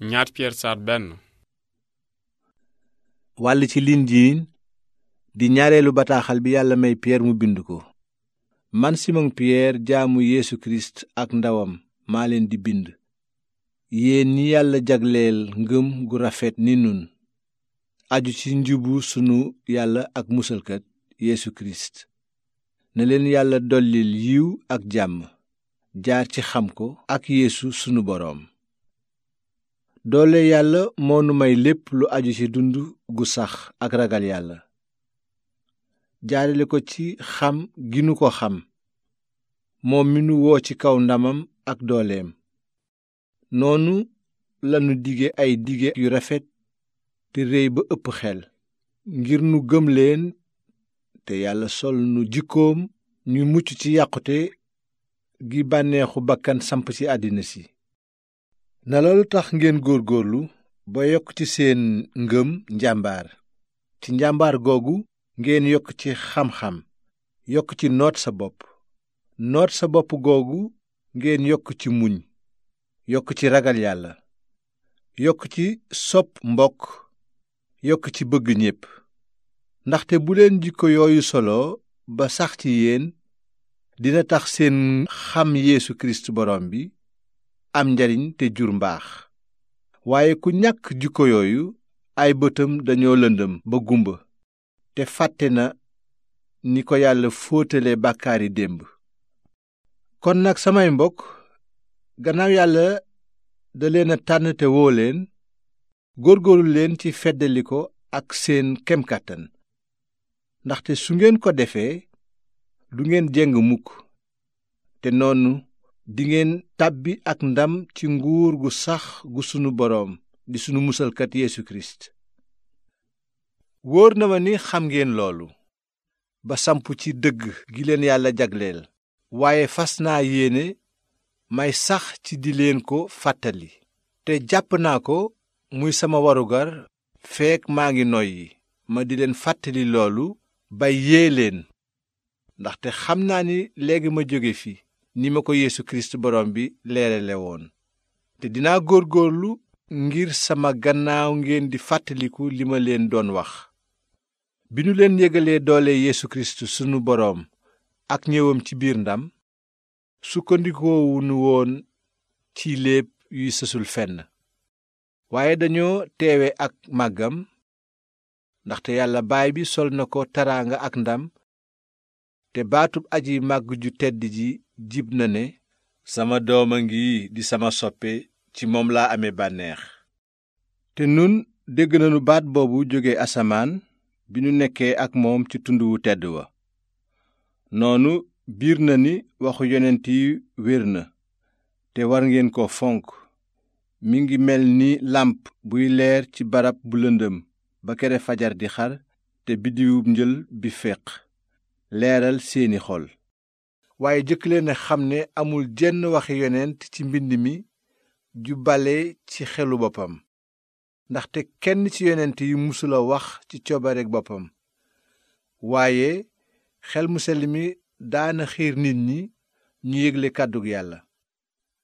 ñaar wàll ci lindiin di ñaareelu bataaxal bi yàlla may Pierre mu bind ko. man Simon Pierre jaamu Yeesu Kirist ak ndawam maa leen di bind. yéen ni yàlla jagleel ngëm gu rafet ni nun aju ci njubu sunu yàlla ak musalkat Yeesu Kirist. na leen yàlla dollil yiw ak jàmm jaar ci xam ko ak Yeesu sunu boroom. doole yàlla moo nu may lépp lu aju ci dund gu sax ak ragal yàlla jaarale ko ci xam gi nu ko xam moom mi nu woo ci kaw ndamam ak dooleem noonu lanu dige ay dige yu rafet te réy ba ëpp xel ngir nu gëm leen te yàlla sol nu jikkoom ñu mucc ci yàqute gi bànneexu bakkan samp ci àddina si na loolu tax ngeen góorgóorlu ba yokk ci seen ngëm njàmbaar ci njàmbaar googu ngeen yokk ci xam-xam yokk ci noot sa bopp noot sa bopp googu ngeen yokk ci muñ yokk ci ragal yàlla yokk ci sopp mbokk yokk ci bëgg ñépp ndaxte bu leen jikko yooyu solo ba sax ci yéen dina tax seen xam yéesu Kirist borom bi am njariñ te jur mbaax waaye ku ñàkk jukko yooyu ay bëtam dañoo lëndëm ba gumba te fàtte na ni ko yàlla fóotale bàkkaari démb kon nag samay mbokk gannaaw yàlla da leena a tànn te woo leen góorgóorlu leen ci feddali ko ak seen kemkàttan ndaxte su ngeen ko defee du ngeen jeng mukk te noonu dingeen tàbbi ak ndam ci nguur gu sax gu sunu sunu musalkat Yeesu Kirist wóor na ma ni xam ngeen loolu ba samp ci dëgg gi leen yàlla jagleel waaye fas naa yéene may sax ci di leen ko fàttali te jàpp naa ko muy sama warugar feek maa ngi yi ma di leen fàttali loolu bay yee leen ndaxte xam naa ni léegi ma jóge fi ni ma ko Yeesu Kirist borom bi leeralewoon woon te dinaa góorlu ngir sama gannaaw ngeen di fàttaliku li ma leen doon wax bi ñu leen yëgalee doole Yeesu Kirist sunu boroom ak ñëwam ci biir ndam sukkandikoowunu woon ci léeb yuy sësul fenn waaye dañoo teewe ak màggam ndaxte yàlla baay bi sol na ko taraanga ak ndam te baatub aji màgg ju tedd ji jib na ne sama doom a ngi di sama soppe ci moom laa amee bànneex te nun dégg nañu baat boobu jóge asamaan bi ñu nekkee ak moom ci tund wu tedd wa noonu biir na ni waxu yonent yi wér na te war ngeen ko fonk mi ngi mel ni làmp buy leer ci barab bu lëndëm ba kere fajar di xar te biddiwub njël bi féq leeral seeni xol waaye jëkk leen a xam ne amul jenn waxi yonent ci mbind mi ju bale ci xelu boppam ndaxte kenn ci yonent yi musula wax ci coobareek boppam waaye xel mu sell mi daana xiir nit ñi ñu yégle kàddu yàlla